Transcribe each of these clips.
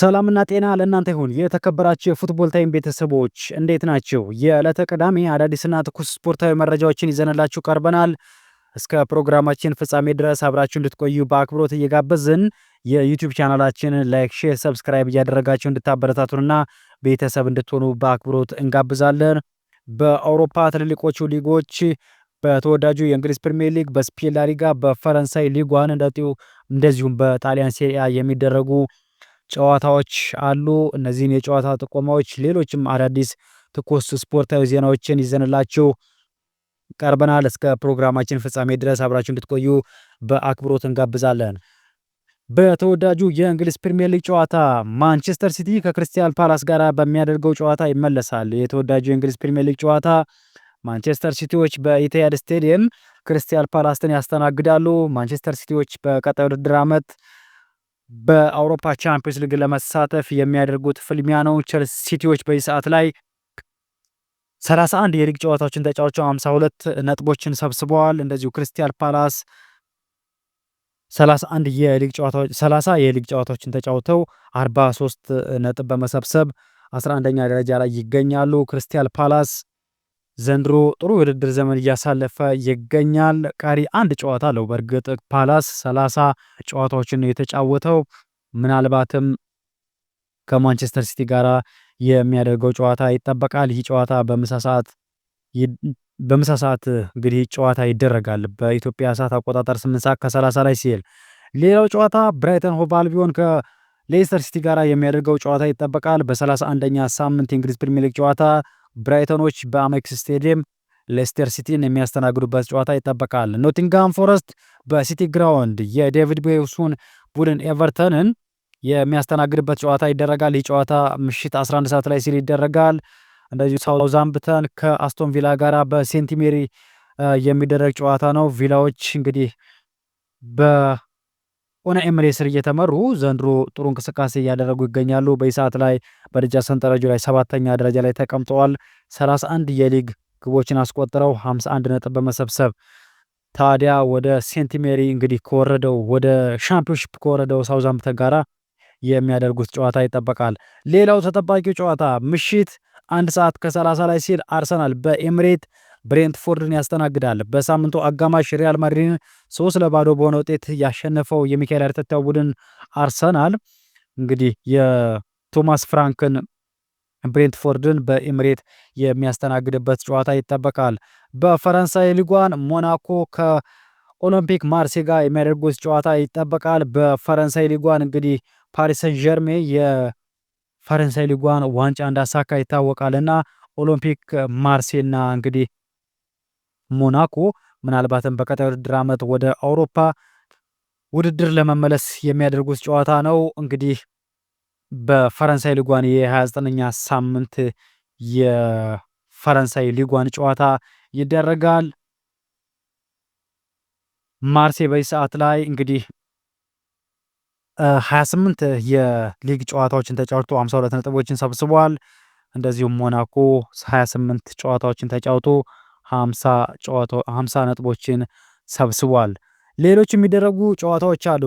ሰላምና ጤና ለእናንተ ይሁን። የተከበራችሁ የፉትቦል ታይም ቤተሰቦች እንዴት ናቸው? የዕለተ ቅዳሜ አዳዲስና ትኩስ ስፖርታዊ መረጃዎችን ይዘንላችሁ ቀርበናል። እስከ ፕሮግራማችን ፍጻሜ ድረስ አብራችሁ እንድትቆዩ በአክብሮት እየጋበዝን የዩቲዩብ ቻናላችን ላይክ፣ ሼር፣ ሰብስክራይብ እያደረጋችሁ እንድታበረታቱንና ቤተሰብ እንድትሆኑ በአክብሮት እንጋብዛለን። በአውሮፓ ትልልቆቹ ሊጎች በተወዳጁ የእንግሊዝ ፕሪሚየር ሊግ፣ በስፔን ላሊጋ፣ በፈረንሳይ ሊጓን እንደዚሁም በጣሊያን ሴሪያ የሚደረጉ ጨዋታዎች አሉ። እነዚህን የጨዋታ ጥቆማዎች፣ ሌሎችም አዳዲስ ትኩስ ስፖርታዊ ዜናዎችን ይዘንላችሁ ቀርበናል። እስከ ፕሮግራማችን ፍጻሜ ድረስ አብራችሁ እንድትቆዩ በአክብሮት እንጋብዛለን። በተወዳጁ የእንግሊዝ ፕሪምየር ሊግ ጨዋታ ማንቸስተር ሲቲ ከክሪስታል ፓላስ ጋር በሚያደርገው ጨዋታ ይመለሳል። የተወዳጁ የእንግሊዝ ፕሪምየር ሊግ ጨዋታ ማንቸስተር ሲቲዎች በኢትሃድ ስቴዲየም ክሪስታል ፓላስን ያስተናግዳሉ። ማንቸስተር ሲቲዎች በቀጣይ ውድድር ዓመት በአውሮፓ ቻምፒዮንስ ሊግ ለመሳተፍ የሚያደርጉት ፍልሚያ ነው። ቸልሲ ሲቲዎች በዚህ ሰዓት ላይ 31 የሊግ ጨዋታዎችን ተጫውተው 52 ነጥቦችን ሰብስበዋል። እንደዚሁ ክሪስታል ፓላስ 31 የሊግ ጨዋታዎች 30 የሊግ ጨዋታዎችን ተጫውተው 43 ነጥብ በመሰብሰብ 11ኛ ደረጃ ላይ ይገኛሉ። ክሪስታል ፓላስ ዘንድሮ ጥሩ ውድድር ዘመን እያሳለፈ ይገኛል። ቀሪ አንድ ጨዋታ አለው። በእርግጥ ፓላስ 30 ጨዋታዎችን ነው የተጫወተው። ምናልባትም ከማንቸስተር ሲቲ ጋር የሚያደርገው ጨዋታ ይጠበቃል። ይህ ጨዋታ በምሳ ሰዓት እንግዲህ ጨዋታ ይደረጋል በኢትዮጵያ ሰዓት አቆጣጠር 8 ሰዓት ከ30 ላይ ሲል፣ ሌላው ጨዋታ ብራይተን ሆቭ አልቢዮን ከሌስተር ሲቲ ጋር የሚያደርገው ጨዋታ ይጠበቃል። በ31ኛ ሳምንት የእንግሊዝ ፕሪሚየር ሊግ ጨዋታ ብራይተኖች በአሜክስ ስቴዲየም ሌስተር ሲቲን የሚያስተናግዱበት ጨዋታ ይጠበቃል። ኖቲንግሃም ፎረስት በሲቲ ግራውንድ የዴቪድ ቤውሱን ቡድን ኤቨርተንን የሚያስተናግድበት ጨዋታ ይደረጋል። ይህ ጨዋታ ምሽት 11 ሰዓት ላይ ሲል ይደረጋል። እንደዚሁ ሳውዛምፕተን ከአስቶን ቪላ ጋር በሴንቲሜሪ ሜሪ የሚደረግ ጨዋታ ነው። ቪላዎች እንግዲህ በ ኦና ኤምሬ ስር እየተመሩ ዘንድሮ ጥሩ እንቅስቃሴ እያደረጉ ይገኛሉ። በዚህ ሰዓት ላይ በደረጃ ሰንጠረዡ ላይ ሰባተኛ ደረጃ ላይ ተቀምጠዋል። 31 የሊግ ግቦችን አስቆጥረው 51 ነጥብ በመሰብሰብ ታዲያ ወደ ሴንት ሜሪ እንግዲህ ከወረደው ወደ ሻምፒዮንሺፕ ከወረደው ሳውዛምፕተን ጋራ የሚያደርጉት ጨዋታ ይጠበቃል። ሌላው ተጠባቂው ጨዋታ ምሽት አንድ ሰዓት ከ30 ላይ ሲል አርሰናል በኤምሬት ብሬንትፎርድን ያስተናግዳል። በሳምንቱ አጋማሽ ሪያል ማድሪድን ሶስት ለባዶ በሆነ ውጤት ያሸነፈው የሚካኤል አርቴታ ቡድን አርሰናል እንግዲህ የቶማስ ፍራንክን ብሬንትፎርድን በኤምሬት የሚያስተናግድበት ጨዋታ ይጠበቃል። በፈረንሳይ ሊጓን ሞናኮ ከኦሎምፒክ ማርሴ ጋር የሚያደርጉት ጨዋታ ይጠበቃል። በፈረንሳይ ሊጓን እንግዲህ ፓሪሰን ጀርሜ የፈረንሳይ ሊጓን ዋንጫ እንዳሳካ ይታወቃልና ኦሎምፒክ ማርሴና እንግዲህ ሞናኮ ምናልባትም በቀጣይ ውድድር ዓመት ወደ አውሮፓ ውድድር ለመመለስ የሚያደርጉት ጨዋታ ነው። እንግዲህ በፈረንሳይ ሊጓን የ29ኛ ሳምንት የፈረንሳይ ሊጓን ጨዋታ ይደረጋል። ማርሴይ በዚህ ሰዓት ላይ እንግዲህ 28 የሊግ ጨዋታዎችን ተጫውቶ 52 ነጥቦችን ሰብስቧል። እንደዚሁም ሞናኮ 28 ጨዋታዎችን ተጫውቶ 50 ነጥቦችን ሰብስቧል። ሌሎች የሚደረጉ ጨዋታዎች አሉ።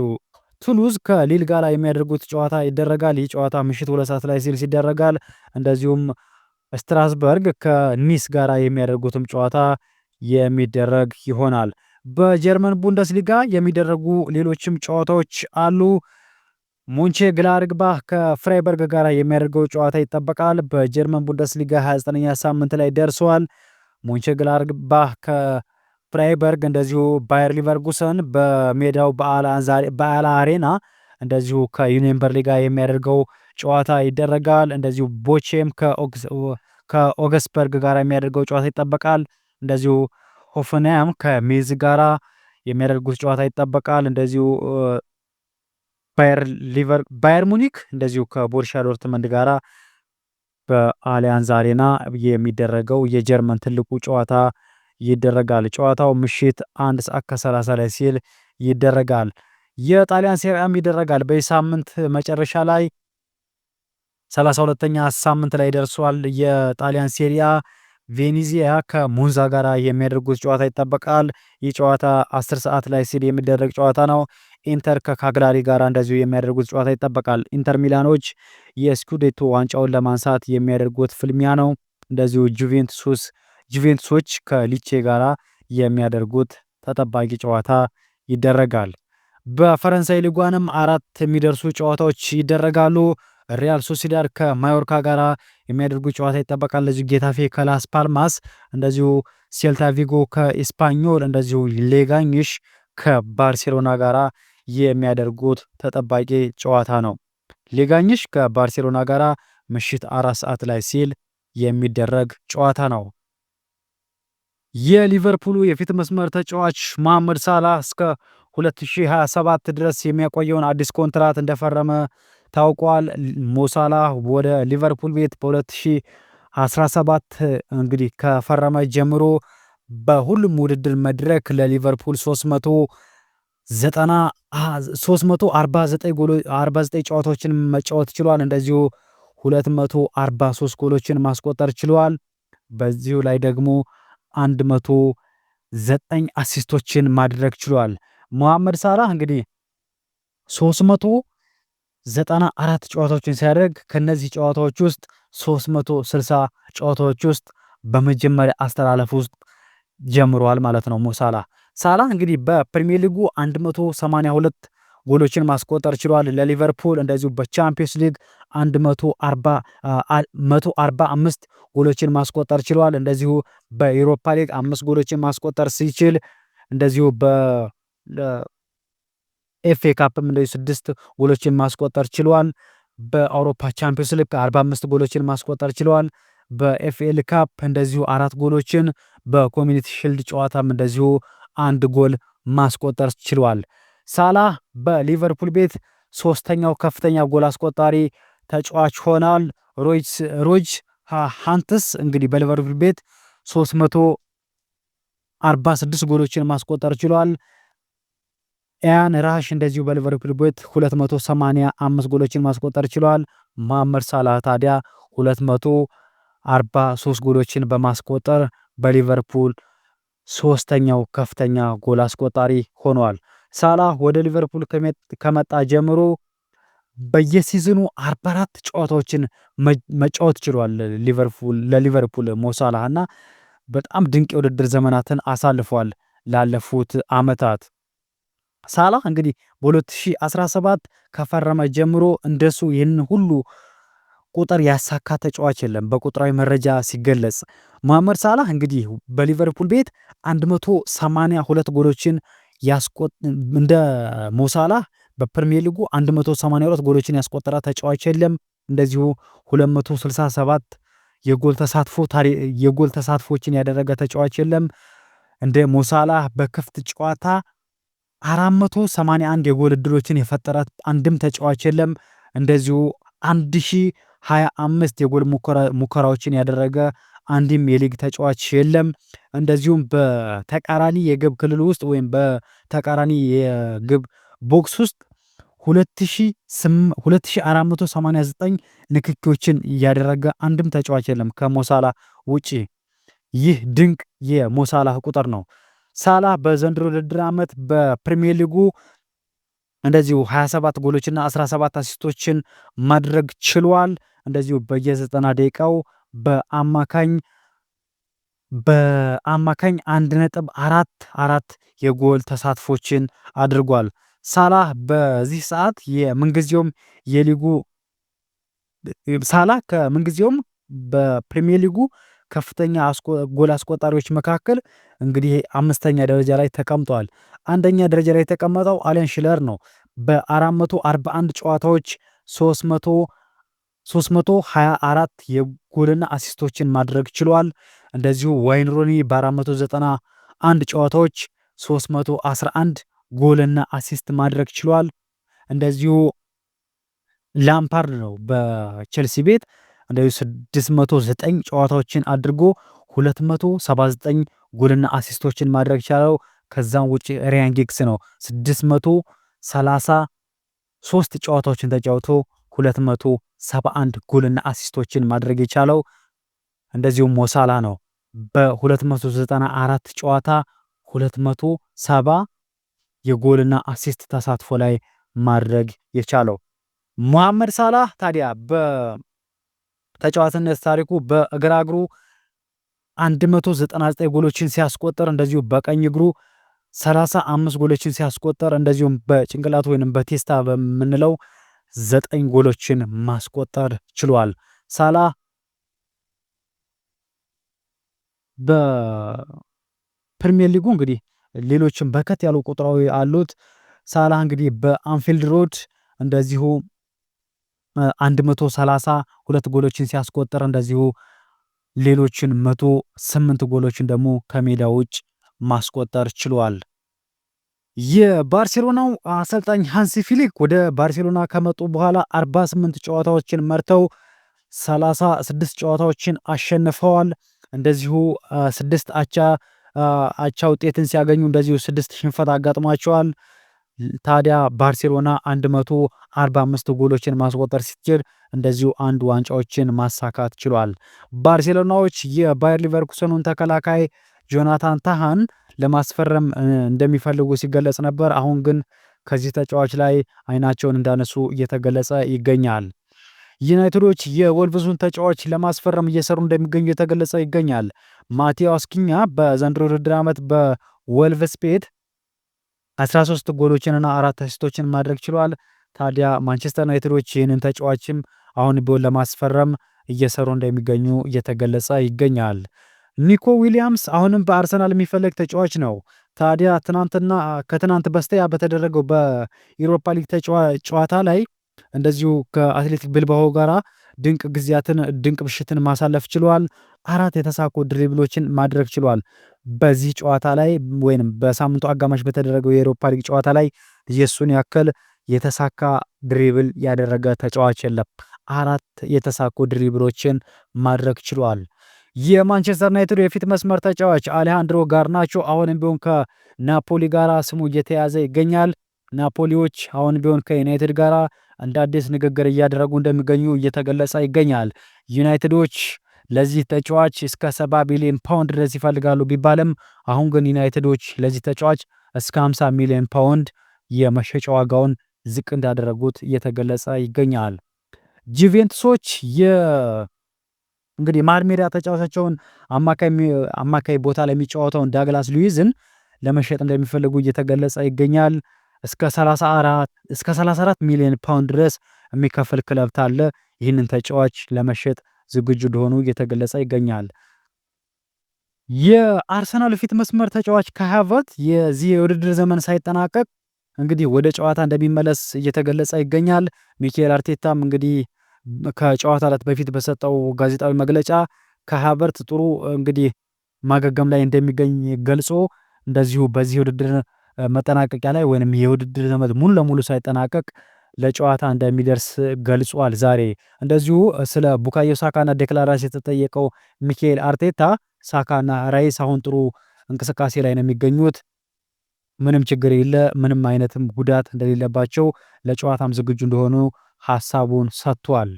ቱሉዝ ከሊል ጋር የሚያደርጉት ጨዋታ ይደረጋል። ይህ ጨዋታ ምሽት ሁለት ሰዓት ላይ ሲልስ ይደረጋል። እንደዚሁም ስትራስበርግ ከኒስ ጋር የሚያደርጉትም ጨዋታ የሚደረግ ይሆናል። በጀርመን ቡንደስሊጋ የሚደረጉ ሌሎችም ጨዋታዎች አሉ። ሙንቼ ግላርግባህ ከፍራይበርግ ጋር የሚያደርገው ጨዋታ ይጠበቃል። በጀርመን ቡንደስሊጋ 29ኛ ሳምንት ላይ ደርሰዋል። ሞንቸግላድባህ ከፍራይበርግ እንደዚሁ ባየር ሊቨርጉሰን በሜዳው በአላ አሬና እንደዚሁ ከዩኒየን በርሊ ጋር የሚያደርገው ጨዋታ ይደረጋል። እንደዚሁ ቦቼም ከኦገስበርግ ጋር የሚያደርገው ጨዋታ ይጠበቃል። እንደዚሁ ሆፍንያም ከሜዝ ጋራ የሚያደርጉት ጨዋታ ይጠበቃል። እንደዚሁ ባየር ሙኒክ እንደዚሁ ከቦርሻ ዶርትመንድ ጋራ በአሊያንዝ አሬና የሚደረገው የጀርመን ትልቁ ጨዋታ ይደረጋል። ጨዋታው ምሽት አንድ ሰዓት ከ30 ላይ ሲል ይደረጋል። የጣሊያን ሴሪያም ይደረጋል። በዚህ ሳምንት መጨረሻ ላይ 32ኛ ሳምንት ላይ ደርሷል የጣሊያን ሴሪያ ቬኔዚያ ከሙንዛ ጋር የሚያደርጉት ጨዋታ ይጠበቃል። ይህ ጨዋታ 10 ሰዓት ላይ ሲል የሚደረግ ጨዋታ ነው። ኢንተር ከካግላሪ ጋር እንደዚሁ የሚያደርጉት ጨዋታ ይጠበቃል። ኢንተር ሚላኖች የስኩዴቶ ዋንጫውን ለማንሳት የሚያደርጉት ፍልሚያ ነው። እንደዚሁ ጁቬንቱስ ጁቬንቱሶች ከሊቼ ጋር የሚያደርጉት ተጠባቂ ጨዋታ ይደረጋል። በፈረንሳይ ሊጓንም አራት የሚደርሱ ጨዋታዎች ይደረጋሉ። ሪያል ሶሲዳድ ከማዮርካ ጋር የሚያደርጉ ጨዋታ ይጠበቃል። ለዚሁ ጌታፌ ከላስ ፓልማስ፣ እንደዚሁ ሴልታ ቪጎ ከኢስፓኞል፣ እንደዚሁ ሌጋኝሽ ከባርሴሎና ጋር የሚያደርጉት ተጠባቂ ጨዋታ ነው። ሌጋኝሽ ከባርሴሎና ጋር ምሽት አራት ሰዓት ላይ ሲል የሚደረግ ጨዋታ ነው። የሊቨርፑሉ የፊት መስመር ተጫዋች መሐመድ ሳላ እስከ 2027 ድረስ የሚያቆየውን አዲስ ኮንትራት እንደፈረመ ታውቋል። ሞሳላ ወደ ሊቨርፑል ቤት በ2017 እንግዲህ ከፈረመ ጀምሮ በሁሉም ውድድር መድረክ ለሊቨርፑል 349 ጨዋታዎችን መጫወት ችሏል። እንደዚሁ 243 ጎሎችን ማስቆጠር ችሏል። በዚሁ ላይ ደግሞ 109 አሲስቶችን ማድረግ ችሏል። መሐመድ ሳላህ እንግዲህ 300 ዘጠና አራት ጨዋታዎችን ሲያደርግ ከነዚህ ጨዋታዎች ውስጥ 360 ጨዋታዎች ውስጥ በመጀመሪያ አስተላለፍ ውስጥ ጀምሯል ማለት ነው። ሞሳላ ሳላ እንግዲህ በፕሪሚየር ሊጉ 182 ጎሎችን ማስቆጠር ችሏል ለሊቨርፑል። እንደዚሁ በቻምፒየንስ ሊግ 145 ጎሎችን ማስቆጠር ችሏል። እንደዚሁ በኢሮፓ ሊግ አምስት ጎሎችን ማስቆጠር ሲችል እንደዚሁ በ ኤፍ ኤ ካፕም እንደዚህ ስድስት ጎሎችን ማስቆጠር ችለዋል። በአውሮፓ ቻምፒዮንስ ሊግ አርባ አምስት ጎሎችን ማስቆጠር ችለዋል። በኤፍኤል ካፕ እንደዚሁ አራት ጎሎችን በኮሚኒቲ ሽልድ ጨዋታም እንደዚሁ አንድ ጎል ማስቆጠር ችሏል። ሳላህ በሊቨርፑል ቤት ሶስተኛው ከፍተኛ ጎል አስቆጣሪ ተጫዋች ሆናል። ሮጅ ሃንትስ እንግዲህ በሊቨርፑል ቤት 346 ጎሎችን ማስቆጠር ችሏል። ኤያን ራሽ እንደዚሁ በሊቨርፑል ቤት 285 ጎሎችን ማስቆጠር ችሏል። ማመር ሳላህ ታዲያ 243 ጎሎችን በማስቆጠር በሊቨርፑል ሶስተኛው ከፍተኛ ጎል አስቆጣሪ ሆኗል። ሳላህ ወደ ሊቨርፑል ከመጣ ጀምሮ በየሲዝኑ 44 ጨዋታዎችን መጫወት ችሏል ሊቨርፑል ለሊቨርፑል ሞሳላህ እና በጣም ድንቅ የውድድር ዘመናትን አሳልፏል ላለፉት አመታት ሳላህ እንግዲህ በ2017 ከፈረመ ጀምሮ እንደሱ ይህን ሁሉ ቁጥር ያሳካ ተጫዋች የለም። በቁጥራዊ መረጃ ሲገለጽ መሐመድ ሳላህ እንግዲህ በሊቨርፑል ቤት 182 ጎሎችን እንደ ሞሳላህ በፕሪሚየር ሊጉ 182 ጎሎችን ያስቆጠረ ተጫዋች የለም። እንደዚሁ 267 የጎል ተሳትፎችን ያደረገ ተጫዋች የለም። እንደ ሞሳላህ በክፍት ጨዋታ 481 የጎል እድሎችን የፈጠረ አንድም ተጫዋች የለም። እንደዚሁ 1025 የጎል ሙከራዎችን ያደረገ አንድም የሊግ ተጫዋች የለም። እንደዚሁም በተቃራኒ የግብ ክልል ውስጥ ወይም በተቃራኒ የግብ ቦክስ ውስጥ 2489 ንክኪዎችን እያደረገ አንድም ተጫዋች የለም ከሞሳላ ውጪ። ይህ ድንቅ የሞሳላ ቁጥር ነው። ሳላህ በዘንድሮ ውድድር ዓመት በፕሪሚየር ሊጉ እንደዚሁ 27 ጎሎችና 17 አሲስቶችን ማድረግ ችሏል። እንደዚሁ በየ90 ደቂቃው በአማካኝ በአማካኝ 1.4 አራት የጎል ተሳትፎችን አድርጓል። ሳላህ በዚህ ሰዓት የምንጊዜውም የሊጉ ሳላህ ከምንጊዜውም በፕሪሚየር ሊጉ ከፍተኛ ጎል አስቆጣሪዎች መካከል እንግዲህ አምስተኛ ደረጃ ላይ ተቀምጠዋል። አንደኛ ደረጃ ላይ የተቀመጠው አለን ሽለር ነው በ441 ጨዋታዎች 324 የጎልና አሲስቶችን ማድረግ ችሏል። እንደዚሁ ዋይን ሮኒ በ491 ጨዋታዎች 311 ጎልና አሲስት ማድረግ ችሏል። እንደዚሁ ላምፓርድ ነው በቼልሲ ቤት እንደዚሁ 609 ጨዋታዎችን አድርጎ 279 ጎልና አሲስቶችን ማድረግ ቻለው። ከዛም ውጭ ሪያን ጊግስ ነው 633 ጨዋታዎችን ተጫውቶ 271 ጎልና አሲስቶችን ማድረግ የቻለው እንደዚሁም ሞሳላ ነው በ294 ጨዋታ 270 የጎልና አሲስት ተሳትፎ ላይ ማድረግ የቻለው። ሙሐመድ ሳላህ ታዲያ በ ተጫዋትነት ታሪኩ በግራ እግሩ 199 ጎሎችን ሲያስቆጠር እንደዚሁ በቀኝ እግሩ 35 ጎሎችን ሲያስቆጠር እንደዚሁም በጭንቅላቱ ወይም በቴስታ በምንለው ዘጠኝ ጎሎችን ማስቆጠር ችሏል። ሳላ በፕሪሚየር ሊጉ እንግዲህ ሌሎችም በከት ያሉ ቁጥራዊ አሉት። ሳላ እንግዲህ በአንፊልድ ሮድ እንደዚሁ 130 ሁለት ጎሎችን ሲያስቆጥር እንደዚሁ ሌሎችን 108 ጎሎችን ደግሞ ከሜዳ ውጭ ማስቆጠር ችሏል። የባርሴሎናው አሰልጣኝ ሃንሲ ፊሊክ ወደ ባርሴሎና ከመጡ በኋላ 48 ጨዋታዎችን መርተው 36 ጨዋታዎችን አሸንፈዋል። እንደዚሁ ስድስት አቻ አቻ ውጤትን ሲያገኙ እንደዚሁ ስድስት ሽንፈት አጋጥሟቸዋል። ታዲያ ባርሴሎና 45 ጎሎችን ማስቆጠር ሲችል እንደዚሁ አንድ ዋንጫዎችን ማሳካት ችሏል። ባርሴሎናዎች የባየር ሊቨርኩሰኑን ተከላካይ ጆናታን ታሃን ለማስፈረም እንደሚፈልጉ ሲገለጽ ነበር። አሁን ግን ከዚህ ተጫዋች ላይ አይናቸውን እንዳነሱ እየተገለጸ ይገኛል። ዩናይትዶች የወልቭዙን ተጫዋች ለማስፈረም እየሰሩ እንደሚገኙ እየተገለጸ ይገኛል። ማቴዎስ ኪኛ በዘንድሮ ውድድር ዓመት በወልቭስ ቤት 13 ጎሎችንና አራት አሲስቶችን ማድረግ ችሏል። ታዲያ ማንቸስተር ዩናይትዶች ይህንን ተጫዋችም አሁን ቢሆን ለማስፈረም እየሰሩ እንደሚገኙ እየተገለጸ ይገኛል። ኒኮ ዊሊያምስ አሁንም በአርሰናል የሚፈለግ ተጫዋች ነው። ታዲያ ትናንትና ከትናንት በስተያ በተደረገው በኢሮፓ ሊግ ጨዋታ ላይ እንደዚሁ ከአትሌቲክ ብልባሆ ጋር ድንቅ ጊዜያትን ድንቅ ብሽትን ማሳለፍ ችሏል። አራት የተሳኩ ድሪብሎችን ማድረግ ችሏል። በዚህ ጨዋታ ላይ ወይም በሳምንቱ አጋማሽ በተደረገው የኤሮፓ ሊግ ጨዋታ ላይ የእሱን ያክል የተሳካ ድሪብል ያደረገ ተጫዋች የለም። አራት የተሳኩ ድሪብሎችን ማድረግ ችሏል። የማንቸስተር ዩናይትድ የፊት መስመር ተጫዋች አሌሃንድሮ ጋርናቾ አሁንም ቢሆን ከናፖሊ ጋር ስሙ እየተያዘ ይገኛል። ናፖሊዎች አሁን ቢሆን ከዩናይትድ ጋር እንደ አዲስ ንግግር እያደረጉ እንደሚገኙ እየተገለጸ ይገኛል። ዩናይትዶች ለዚህ ተጫዋች እስከ ሰባ ሚሊዮን ፓውንድ ድረስ ይፈልጋሉ ቢባልም አሁን ግን ዩናይትዶች ለዚህ ተጫዋች እስከ 50 ሚሊዮን ፓውንድ የመሸጫ ዋጋውን ዝቅ እንዳደረጉት እየተገለጸ ይገኛል። ጁቬንቱሶች እንግዲህ መሀል ሜዳ ተጫዋቻቸውን አማካይ ቦታ ላይ የሚጫወተውን ዳግላስ ሉዊዝን ለመሸጥ እንደሚፈልጉ እየተገለጸ ይገኛል። እስከ 34 ሚሊዮን ፓውንድ ድረስ የሚከፍል ክለብ ታለ ይህንን ተጫዋች ለመሸጥ ዝግጁ እንደሆኑ እየተገለጸ ይገኛል። የአርሰናል ፊት መስመር ተጫዋች ካይ ሃቨርትዝ የዚህ የውድድር ዘመን ሳይጠናቀቅ እንግዲህ ወደ ጨዋታ እንደሚመለስ እየተገለጸ ይገኛል። ሚኬል አርቴታም እንግዲህ ከጨዋታ ዕለት በፊት በሰጠው ጋዜጣዊ መግለጫ ከሀቨርት ጥሩ እንግዲህ ማገገም ላይ እንደሚገኝ ገልጾ እንደዚሁ በዚህ የውድድር መጠናቀቂያ ላይ ወይም የውድድር ዘመን ሙሉ ለሙሉ ሳይጠናቀቅ ለጨዋታ እንደሚደርስ ገልጿል። ዛሬ እንደዚሁ ስለ ቡካዮ ሳካና ዴክላን የተጠየቀው ሚካኤል አርቴታ ሳካና ራይስ አሁን ጥሩ እንቅስቃሴ ላይ ነው የሚገኙት ምንም ችግር የለ፣ ምንም አይነትም ጉዳት እንደሌለባቸው ለጨዋታም ዝግጁ እንደሆኑ ሀሳቡን ሰጥቷል።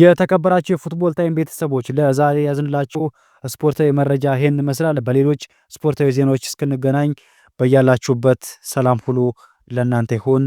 የተከበራቸው የፉትቦል ታይም ቤተሰቦች ለዛሬ ያዝንላችሁ ስፖርታዊ መረጃ ይሄን ይመስላል። በሌሎች ስፖርታዊ ዜናዎች እስክንገናኝ በያላችሁበት ሰላም ሁሉ ለእናንተ ይሁን።